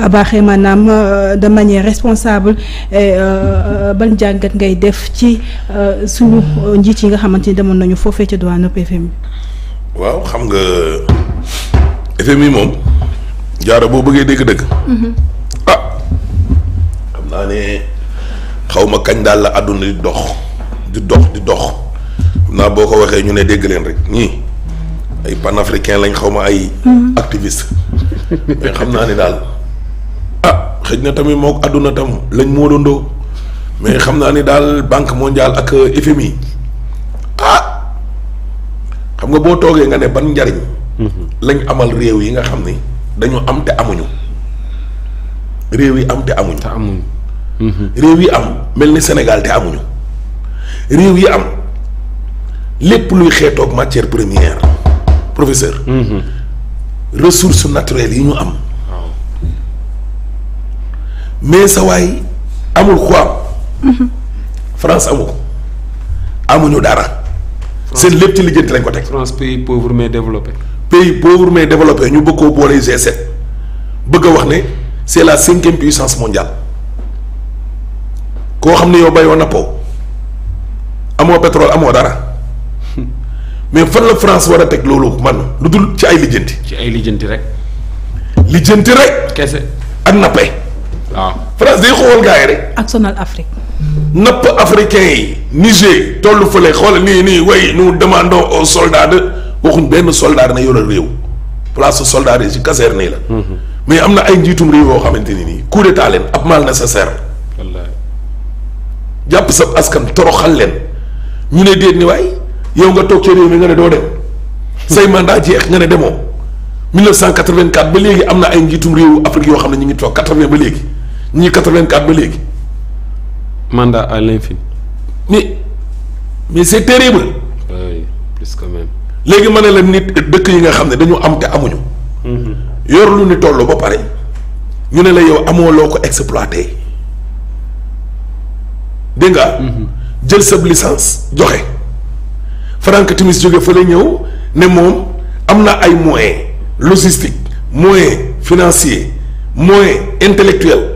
baaxee maanaam euh, de manière responsable et euh, euh, ban jàngat ngay def ci suñu njiit yi nga xamante ni demoon nañu foofee ca douane FMI. waaw xam nga FMI moom jaara boo bëggee dëgg-dëgg. Mhm. ah xam naa ne xaw ma kañ daal la àdduna di dox di dox di dox xam naa boo ko waxee ñu ne dégg leen rek ñii ay panafricain lañ xaw ma ay. Mhm. activiste mais xam naa ne daal. xëj na tamit mook àdduna tam lañ moo dondoo mais xam naa ni daal banque mondiale ak euh, FMI ah xam nga boo toogee nga ne ban njariñ mhm. lañ amal réew yi nga xam ni dañu am te amuñu réew yi am te amuñu te amuñu mhm. réew yi am mel ni Sénégal te amuñu réew yi am lépp luy xeetoog matière première professeur mhm. ressources naturelles yi ñu am mais sa waay amul xuwaam. France amu ko amuñu dara. seen lépp ci lijjanti lañ ko teg. France pays pauvre mais développé. pays pauvre mais développé ñu bëgg koo boole G7 bëgg a wax ne c'est la cinquième puissance mondiale koo xam ne yow béyoon na po amoo pétrole amoo dara mais fan la France war a teg loolu man lu dul ci ay lijjanti. ci ay lijjanti rek. lijjanti rek. kese ak nappe. waaw ah. France day xool gars yi rek. ak sonal Afrique. napp africain yi Niger tollu fële xoolal nii nii way nous demandons aux soldats de waxuñ benn soldat na yore réew place soldat yi ci caserne yi la. Mhm. mais am na ay njiitum réew yoo xamante ni nii coup d'état leen ab mal nécessaire. wallaay jàpp sa askan toroxal leen ñu ne déet ni waay yow nga toog ci réew mi nga ne doo dem say mandat jeex nga ne demoo 1984 ba léegi am na ay njiitum réewu Afrique yoo xam ne ñu ngi toog 80 ba léegi. ñii 84 ba léegi. mandat à l'infini. mais mais c'est terrible. oui plus quand léegi ma ne la nit dëkk yi nga xam ne dañu am te amuñu. Mhm. yor lu ni toll ba pare ñu ne la yow amoo loo ko exploité dégg nga. Mhm. jël sa licence joxe Franck Timis jóge fa la ñëw ne moom am na ay moyens logistique moyen financier moyen intellectuel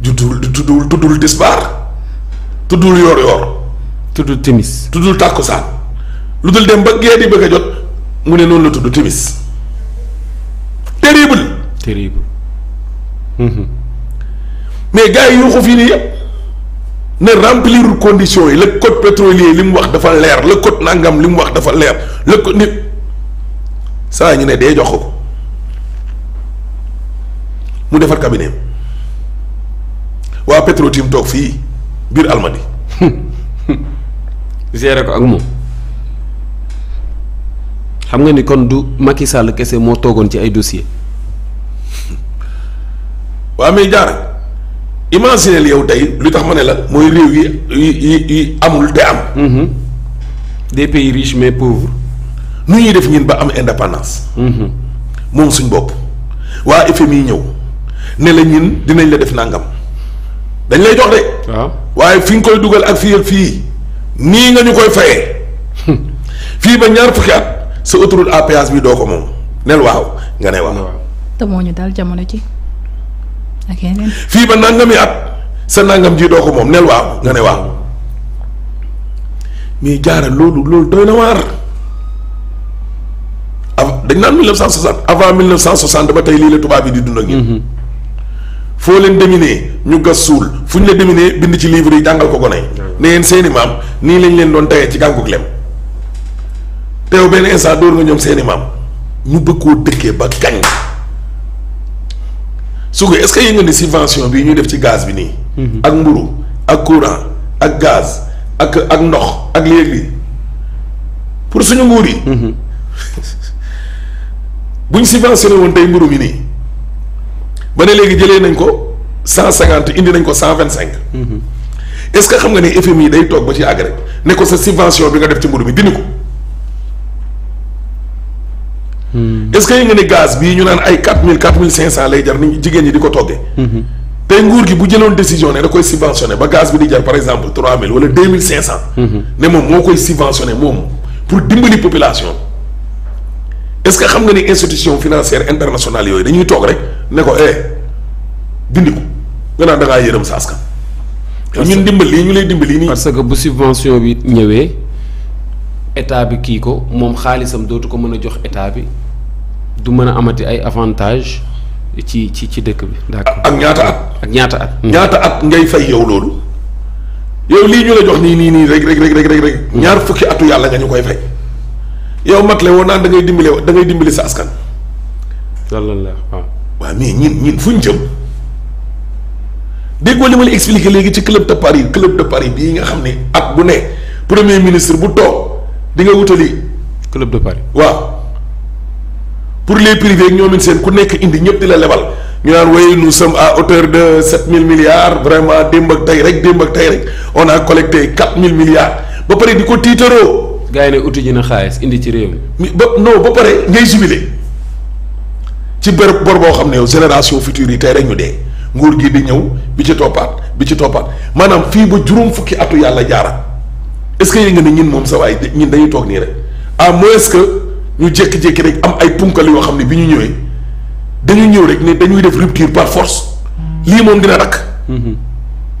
juddul tuddul tuddul tisbaar tuddul yor-yor. tuddul timis. tuddul tàkkusaan lu dul dem ba gee di bëgg a jot mu ne noonu la tudd timis terrible. terrible. Mhm. mais gars yi yuuxu fii nii yëpp ne remplir conditions yi le code pétrolier li mu wax dafa leer le code nangam li mu wax dafa leer le code nit saa ñu ne dee jox ko mu defal cabinet waa Petro-Tim toog fii biir Almadi. géré ko ak moom. xam nga ni kon du Macky Sall kese moo toogoon ci ay dossier waa mais jaar imagineel yow tey lu tax ma ne la mooy réew yi yi yi amul te am. Mhm. des pays riches mais pauvres. nu ñuy def ñun ba am indépendance. Mhm. moom suñ bopp. waa FMI ñëw ne la ñun dinañ la def nangam. dañ lay jox de. waaye fi nga koy dugal ak fi ak fii nii nga ñu koy fayee hmm. fii ba ñaar fukki at sa autoroute à péage bi doo ko moom nel waaw nga ne waaw. te moo ñu daal jamono fii ba nangami at sa nangam ji doo ko moom nel waaw nga ne waaw mais jaara loolu loolu doy na waar. dañ naan 1960 avant 1960 ba tey lii la tubaab yi di dund ak ñun. foo leen déminé ñu gas suul fu ñu la déminé bind ci livre yi jàngal ko gone yi ne yéen seeni maam nii lañ leen doon tayee ci gànguk lem teew benn instant dóor nga ñoom seeni maam ñu bëgg koo dëkkee ba su est-ce que yëngal ni subvention bii def ci gaz bi nii mhm. ak mburu ak courant ak gaz ak ak ndox ak léegi pour suñu nguur yi mhm. buñ subventionné woon tey mburu mi nii ba ne léegi jëlee nañ ko cent cinquante indi nañ ko cent vingt cinq. est-ce que xam nga ne FMI day toog ba ci àgg rek ne ko sa subvention bi nga def ci mburu bi dindi ko. Hmm. est-ce que ne gaz bii ñu naan ay quatre mille quatre mille cinq cent lay jar ni jigéen ñi di ko toggee. Hmm. tey nguur gi bu jëloon décision ne da koy subventionné ba gaz bi di jar par exemple trois mille wala deux mille cinq cent. Hmm. ne moom moo koy subventionné moom pour dimbali population est-ce que xam nga ni institution yooyu dañuy toog rek. ne ko eh dindi ko nga naan da yërëm sa askan. ñun dimbal lii ñu lay dimbali nii. parce que bu subvention bi ñëwee état bi kii ko moom xaalisam dootu ko mën a jox état bi du mën a amati ay avantages ci ci ci dëkk bi. d'accord ak ñaata at. ak ñaata at. Hmm. ñaata at ngay fay yow loolu. yow lii ñu la jox nii nii nii rek rek rek rek rek hmm. ñaar fukki atu yàlla nga ñu koy fay yow mat le woon naan da ngay dimbali da ngay dimbali sa askan. wallaahi waaw. waa mais ñin ñin fu ñu jëm déggoo li ma la expliqué léegi ci club de Paris club de Paris bii nga xam ne at bu ne premier ministre bu toog di nga wutali. club de Paris waaw. pour les privés ak ñoom seen ku nekk indi ñëpp di la lebal ñu naan waaye nous sommes à hauteur de sept mille milliards vraiment démb ak tey rek démb ak tey rek on a collecté quatre mille milliards ba pare di ko tiitaroo. gaa yi ne uti ji na xaalis indi ci réew mi. ba non ba pare ngay jubilé. ci bërëb bor boo xam ne yow génération future yi tey rek ñu dee nguur gi di ñëw bi ci toppaat bi ci toppaat maanaam fii ba juróom fukki atu yàlla jaara est-ce que yéen nga ne ñin moom sa waay ñin dañuy toog nii rek à moins que ñu jékki rek am ay punkal yoo xam ne bi ñu ñëwee dañu ñëw rek ne dañuy def rupture par force lii moom dina rakk mm-hmm.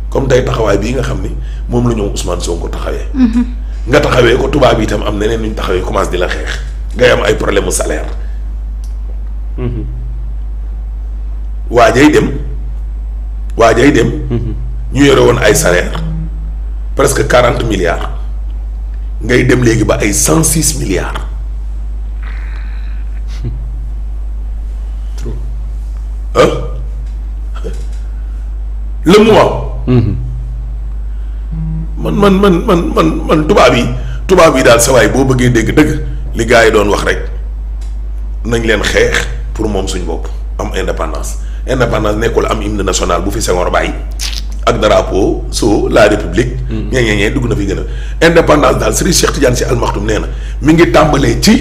comme tey taxawaay bii nga xam ni moom la ñoom soo ko taxawee. Mm-hmm. nga taxawee ko tubaab yi itam am neneen ñu taxawee commence di la xeex ngay am ay problème mu salaire. Mm-hmm. waajay dem waajay dem. Mm-hmm. ñu yore woon ay salaire presque quarante milliards ngay dem léegi ba ay cent six milliards. trop ah man man man man man man tubaab yi tubaab yi daal sawaay boo bëggee dégg dëgg li gars yi doon wax rek nañ leen xeex. pour moom suñ bopp am indépendance indépendance nekkul am hymne national bu fi Senghor bàyyi ak drapeau soo la république. ñee mm-hmm. ñee dugg na fi gën a. indépendance daal Serigne Cheikh Tidiane Sy Al Maktoum nee na mi ngi tàmbalee ci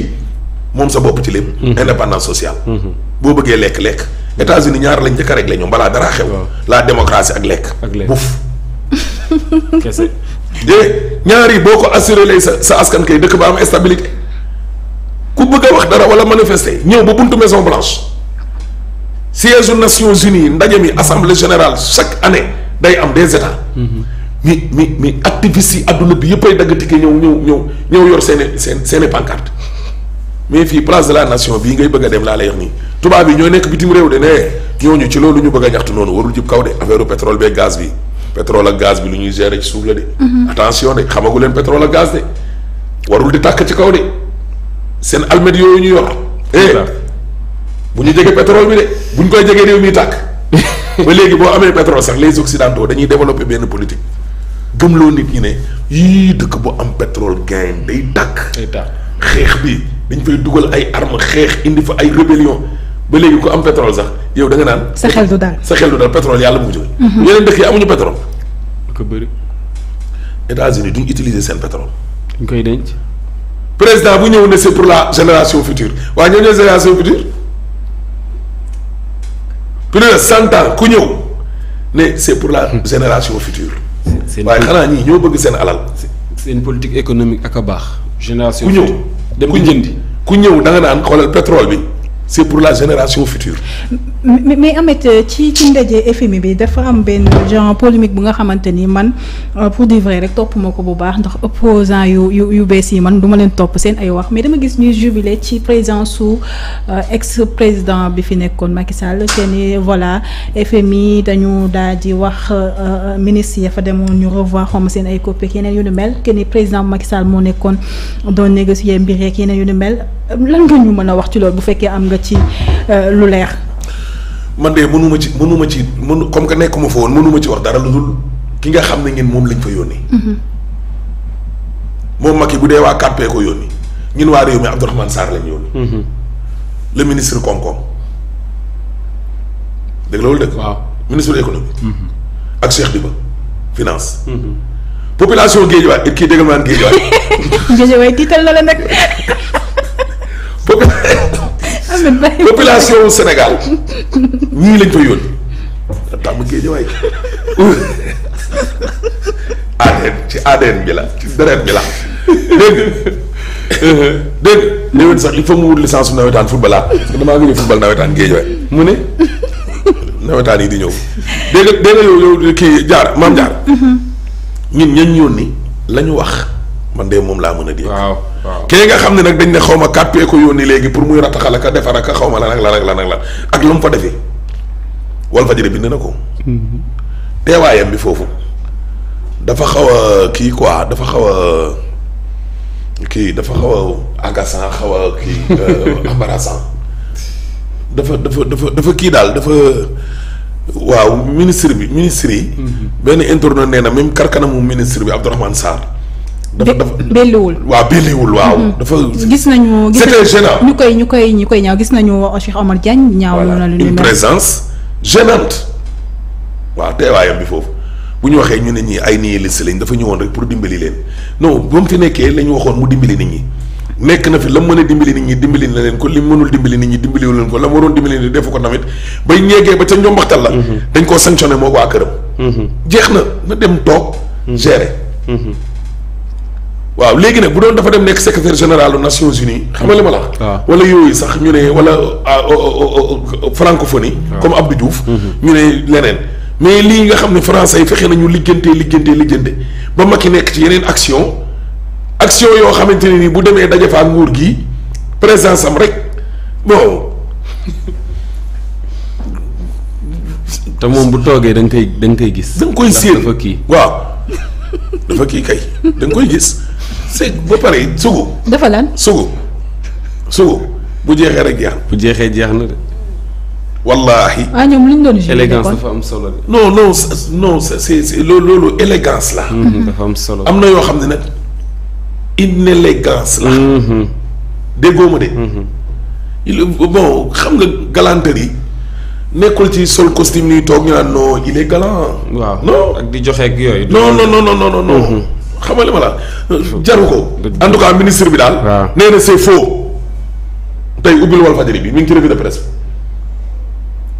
moom sa bopp ci lépp. Mm-hmm. indépendance sociale. Mm-hmm. boo bëggee lekk lekk. États-Unis ñaar lañ njëkk a réglé ñoom balaa daraa xew. la démocratie ak lekk. ak lekk buuf. kese. boo ko assuré lay sa askan kay dëkk ba am stabilité. ku bëgg a wax dara wala manifester ñëw ba buntu Maison Blanche siège Nations Unies ndaje mi assemblée générale chaque année day am des états. Mm-hmm. mi mi mi activistes yi àdduna bi yëpp ay dagg tike ñëw ñëw ñëw ñëw yor seen i seen seen i mais fii place de la nation bii ngay bëgg dem laa lay wax nii tubaab yi ñoo nekk bitim réew de ne ñooñu ci loolu ñu bëgg a ñaxtu noonu warul jub kaw de affaire pétrole beeg gaz bi pétrole ak gaz bi lu ñuy gérer ci suuf la de. Mm-hmm. de xamagu leen pétrole ak gaz warul di tàkk ci kaw de. seen almet yooyu ñu yor. eh bu ñu jege pétrole bi de bu ñu koy jege réew mi tàkk ba léegi boo amee pétrole sax les occidentaux dañuy développer benn politique gëmloo nit ñi ne yii dëkk bu am pétrole gain day tàkk. day tàkk xeex bi dañ fay dugal ay armes xeex indi fa ay rébellion ba léegi ku am pétrole sax yow da nga naan. sa xel du xel du dal pétrole yàlla mu jóg. Mhm. yeneen dëkk yi amuñu pétrole. ko bëri. États-Unis seen pétrole. dañ koy denc. président bu ñëw ne c'est pour la génération future waaye ñoo ñooy génération future plus de cent ans ku ñëw ne c'est pour la hmm. génération future waaye xanaa ñii ñoo bëgg seen alal seen politique économique ak a baax génération ku ñëw dem ku jëndi ku ñëw da nga naan xoolal pétrole bi c'est pour la génération future mais mais Ameth euh, ci ci ndaje FMI bi dafa am benn genre polémique bu nga xamante ni man euh, pour dire vrai rek topp ma ko bu baax ndax opposant yu yu yu bees yi man duma leen topp seen ay wax mais dama gis ñuy jubilé ci président su euh, ex président bi fi nekkoon Macky Sall te ni voilà FMI dañu daal di wax ministre ya fa demoon ñu revoir xom seen ay coppite yeneen yu ni mel que ni président Macky Sall moo nekkoon doon négocier mbir yeeg yeneen yu ni mel lan nga ñu mën a wax ci loolu bu fekkee am nga ci lu leer. man de mënuma ci mënuma ci mënu comme que nekkuma fa woon mënuma ci wax dara lu dul ki nga xam ne ngeen moom lañ fa yónni mhm. moom yi bu dee waa kàppee ko yónni ñun waa réew mi Abdourahmane Sarr lañ yónni mhm. le ministre koom-koom dëgg loolu dëgg waaw ministre économie mhm. ak Cheikh Diba finance population Guédiawaye kii déggal maan Guédiawaye Guédiawaye tiital na la nag population wu Sénégal ñii lañ fa yónni tàmm ci ADN bi la ci deret bi la dégg dégg léwén sax il faut mu wut licence su nawetaan football laa ah. damaa gëj a football nawetaan géejawaay mu ne nawetaan yi di ñëw dégg dégg yow yow kii jaar maam jaar ñun ñañ yónni la wax man de moom laa mën a dégg. waaw waaw kii nga xam ne nag dañ ne xaw ma kàppee ko yoon yónni léegi pour muy rataxal ak a defar ak xaw ma lan ak lan ak lan ak lan ak lu mu fa defee Walfadjri bind na ko. Mm-hmm. teewaayam bi foofu dafa xaw a kii quoi dafa xaw a kii dafa xaw a agaçant xaw a kii euh, embarrassant dafa dafa dafa dafa kii daal dafa. waaw ministre bi ministre yi. Mm-hmm. benn internet nee na même karkanamu ministre bi Abdourahmane Sarr. dafa dafa belliwul waaw belliwul waaw. Mm-hmm. dafa gis nañu. c'était gênant ñu koy ñu koy ñu koy ñaaw gis nañu Cheikh Omar Diagne. ñaaw na lu une présence gênante. waaw teewaayam bi foofu bu ñu waxee ñu ne ñii ay nihiliste lañ dafa ñëwoon rek pour dimbali leen non ba mu fi nekkee la ñu waxoon mu dimbali nit ñi. nekk na fi la mu mën dimbali nit ñi dimbali na leen ko li mënul dimbali nit ñi dimbaliwul leen ko la mu waroon dimbali ni defu ko tamit bay ñeegee ba ca njombaxtal la. Mm-hmm. dañ koo sanctionné moo waa këram. Mm-hmm. jeex na dem toog waaw léegi nag bu doon dafa dem nekk secrétaire général des Nations Unies xam nga ma la wax. Ah. wala yooyu sax ñu ne wala ah, oh, oh, oh, francophonie. Ah. comme Abdou Diouf. Mm-hmm. ñu ne leneen mais lii nga xam ne français yi fexe nañu liggéeyante liggéeyante liggéeyante ba i nekk ci yeneen action action yoo xamante ne nii bu demee daje fa ak nguur gi présence am rek bon. te moom bu toogee da koy da koy gis. da nga koy séen dafa kii waaw dafa kii kay da koy gis. sëñ ba pare sugu. dafa lan sugu sugu bu jeexee rek jeex na. bu jeexee jeex na de. wallaahi. ah ñoom li ñu doon joué élégance dafa am solo de. non non non c'est c'est loolu élégance la. Mhm, solo am na yoo xam ne nag inélégance la. Mhm. déggoo ma de. Mhm. bon xam nekkul ci sol costume ñuy toog ñu naan non ak di joxe ak yooyu. xamali ma la jaru ko en tout cas ministre bi daal nee na c'est faux tey ubbil wal fajari bi mi ngi ci revue de presse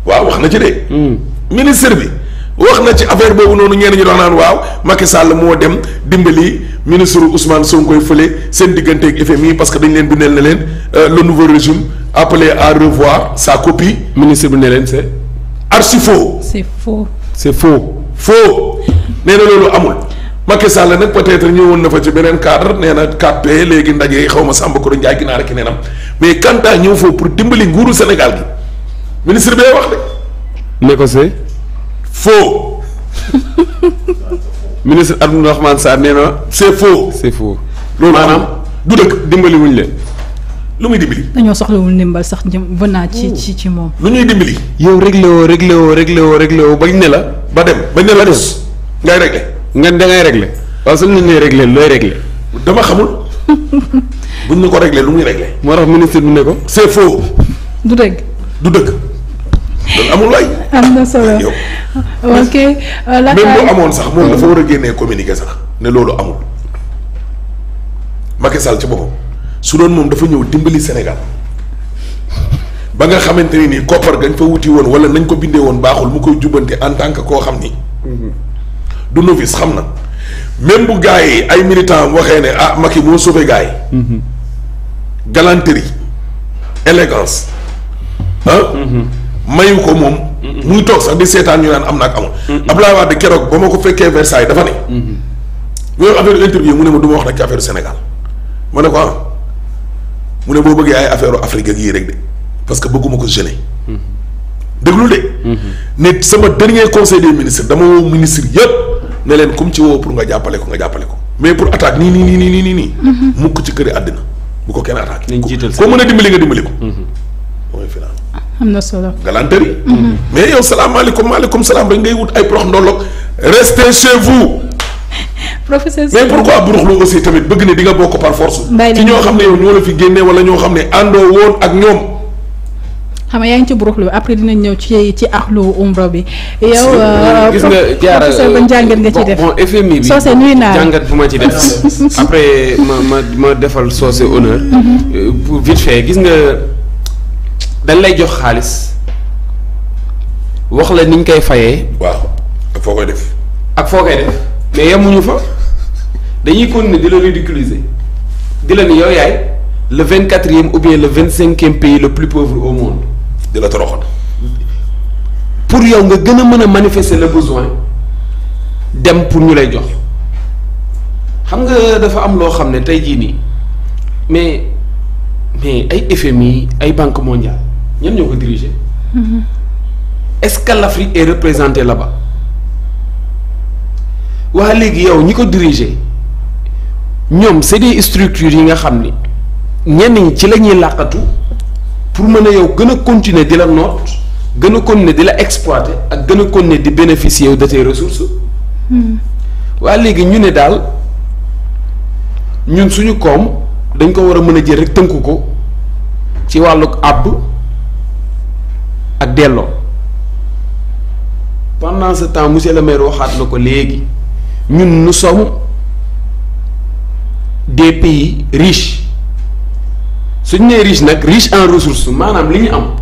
waaw wax na ci de hmm. ministre bi wax na ci affaire boobu noonu ñenn ñu doon naan waaw Macky Sall moo dem dimbali ministre Ousmane Sonko koy fële seen diggante ak FMI parce que dañu leen bindeel na leen euh, le nouveau régime appelé à revoir sa copie ministre bi ne leen c'est archi faux c'est faux c'est faux faux na loolu amul Macky Sall nag peut ñëwoon na fa ci beneen cadre nee na 4P léegi ndaje xaw ma Samba Kodo Ndiaye ginaar ak neenam mais quant à ñëw foofu pour dimbali nguuru Sénégal gi ministre bi wax de. ne ko ministre Abdourahmane Sarr nee na. c'est faux c'est faux. loolu maanaam du dëkk dimbali wuñ leen. lu muy dimbali. dañoo soxlawul ndimbal sax ba naa ci ci moom. lu ñuy dimbali. yow réglé woo réglé woo réglé woo réglé bañ ne la. ba dem bañ ne la des ngay réglé. nga da ngay réglé waaw suñ la nee réglé looy réglé. dama xamul bu buñ ne ko réglé lu muy réglé. moo tax ministre nu ne ko. c'est faux. du dëgg. du dëgg. loolu amul waay. am na solo bu euh, amoon sax moom ah. dafa war a génnee communiquer sax ne loolu amul. Macky Sall ci boppam su doon moom dafa ñëw dimbali senegal ba nga xamante ni nii koppar gañ fa wuti woon wala nañ ko bindee woon baaxul mu koy jubbante en tant que koo xam ni. Mm-hmm. du novice xam na même bu gars yi ay militants waxee ne ah Macky moo sauvé gaay yi. Mm-hmm. élégance mm-hmm. mayu ko moom. Mm-hmm. muy toog sax di seetaan ñu naan am na ak amul. Abdoulaye Wade keroog ba ma ko fekkee Versailles dafa ne. bu mu ne ma du wax nag ci affaire ma ne ko ah. ne boo bëggee ay affaire Afrique ak yii rek de parce que bëgguma ko gêner. déglul de. ne sama dernier conseil des ministres dama woo ministre yëpp. neleen comme kum ci woo pour nga jàppale ko nga jàppale ko mais pour attaque nii nii nii nii nii nii. Mhm. mukk ci këri àddina bu ko kenn attaque. nañ jiital ko mën a dimbali nga dimbali ko. Mhm. mooy ah, am na solo galanterie. Mhm. mais yow salaamaaleykum maaleykum salaam rek ngay wut ay prox ndolloog restez chez vous. professeur mais pourquoi buruxlu aussi tamit bëgg ne di nga bokk par force. ci ñoo xam ne yow ñoo la fi génnee wala ñoo xam ne àndoo woon ak ñoom. xam nga yaa ngi ci burux lu après dinañ ñëw ci ci axlu umra bi. yow euh, euh, gis nga jaara ban euh, jàngat nga ciy def bon FMI bi soose naa jàngat bu ma ci def après ma ma ma defal soose honneur. Mhm. pour vite gis nga dañ lay jox xaalis wax la ni ñu koy fayee. waaw ak foo koy def. ak foo koy def mais yemuñu fa dañuy continuer di la ridiculiser di la ni yow yaay le vingt quatrième ou bien le vingt cinquième pays le plus pauvre au monde. di la toroxal pour yow nga gën a mën a manifester le besoin dem pour ñu lay jox xam nga dafa am loo xam ne tey jii nii mais mais ay mi ay banque mondiale ñan ñoo ko diriger. Mm-hmm. est-ce que l'Afrique est représentée là-bas waa léegi yow ñi ko diriger ñoom c'est des structures yi nga xam ni ñenn ñi ci la ñuy làqatu. pour mën a yow gën a continuer di la noot gën a continuer di la exploité ak gën a continuer di bénéficier yow de tes ressources. Hmm. waa léegi ñu ne daal ñun suñu koom dañ ko war a mën a jël rek tënku ko ci wàllug àbb ak delloo pendant ce temps monsieur le maire waxaat na ko léegi ñun nous sommes des pays riche suñ nee riche nag riche en ressources maanaam li ñu am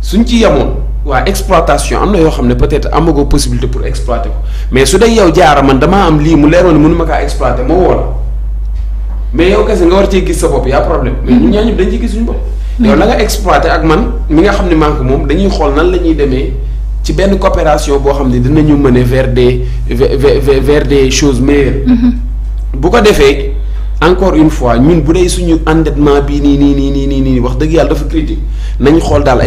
suñ ci yemoon waa exploitation am na yoo xam ne peut-être amagoo possibilité pour exploiter ko mais su dee yow jaara man damaa am lii mu leeroon ne mënuma kaa exploiter moo woo la mais yow kese nga war cee gis sa bopp y'a problème mais ñun ñaa ñëpp dañ ciy gis suñu bopp. yow la nga exploiter ak man mi nga xam ne manque moom dañuy xool nan la ñuy demee ci benn coopération boo xam ne dinañu mëne vers des vers des choses meilleures. Mm-hmm. bu ko defee. encore une fois ñun bu dee suñu endettement bii nii nii nii nii nii wax dëgg yàlla dafa critique nañ xool daal ay.